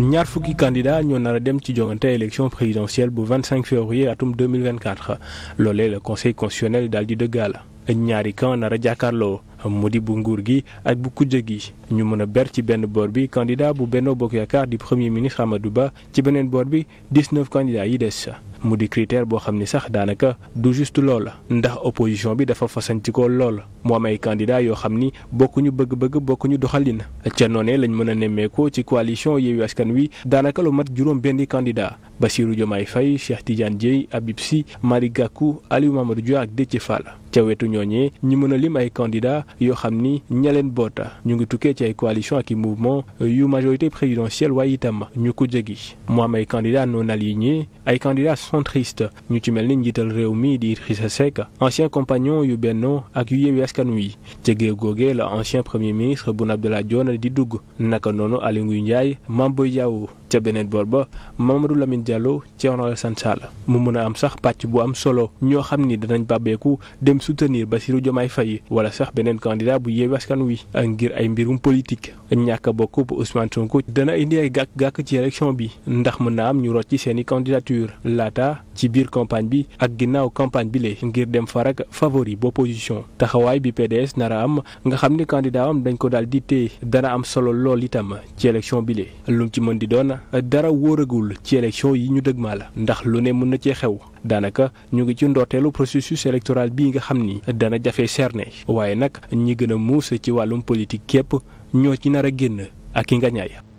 ñaar fukki candidat ñoo nar a dem ci joŋante élection présidentielle bu 25 février atum 2024 loolee la conseil constitutionnel daal di dëggaal ñaari camp nar a jàkkaarloo mu di bu nguur gi ak bu kujje gi ñu mën a ber ci benn boor bi candidat bu Benno Bokk Yaakaar di premier ministre Amadou Ba ci beneen boor bi 19 candidats yi des. mu di critère boo xam ni sax daanaka du juste loola ndax opposition bi dafa fasantikoo loola mu am ay candidats yoo xam ni bokkuñu bëgg-bëgg bokkuñu doxalin ca noonee lañ mën a nemmeekoo ci coalition Yewwi Askan Wi daanaka lu mat juróom benni candidat Bassirou Diomaye Faye Cheikh Tidiane Dièye Habib Sy Malick Gakou Aliou Mamadou Dia ak Déthié Fall ca wetu ñooñee ñi mën a lim ay candidats yoo xam ni ñaleen leen boota ñu ngi tukkee ci ay coalition ak i mouvement yu majorité présidentielle waaye itam ñu ko jegi mu am ay candidats non alignés ay candidats centristes ñu ci mel ni njiital réew mii di Idrissa Seck ancien compagnon yu Benno ak yu Yewwi Askan Wi ca géew googee la ancien premier ministre Boun Abdallah Dionne di dugg naka noonu Aly Ngouille Ndiaye Mame Boye ca beneen boor ba Mamadou Lamine Diallo Thierno Alassane Sall mu mën a am sax pàcc bu am solo ñoo xam ni danañ bàbbeeku dem soutenir Bassirou Diomaye Faye wala sax beneen candidat bu Yewwi Askan Wi ngir ay mbirum politique ñàkk bokk bu Ousmane Sonko dana indi ay gàkk-gàkk ci élection bi ndax mën na am ñu rocc ci seeni candidature laata ci biir campagne bi ak ginnaaw campagne bi lee ngir dem farak favori bu opposition taxawaay bi PDS nara am nga xam ne candidat am dañ ko daal di téye dana am solo lool itam ci bi dara wóoragul ci élection yi ñu dëgmal ndax lu ne mën na cee xew daanaka ñu ngi ci ndorteelu processus électoral bii nga xam ni dana jafe cerné waaye nag ñi gën a muus ci wàllum politique képp ñoo ci nar a génn ak i ngañaay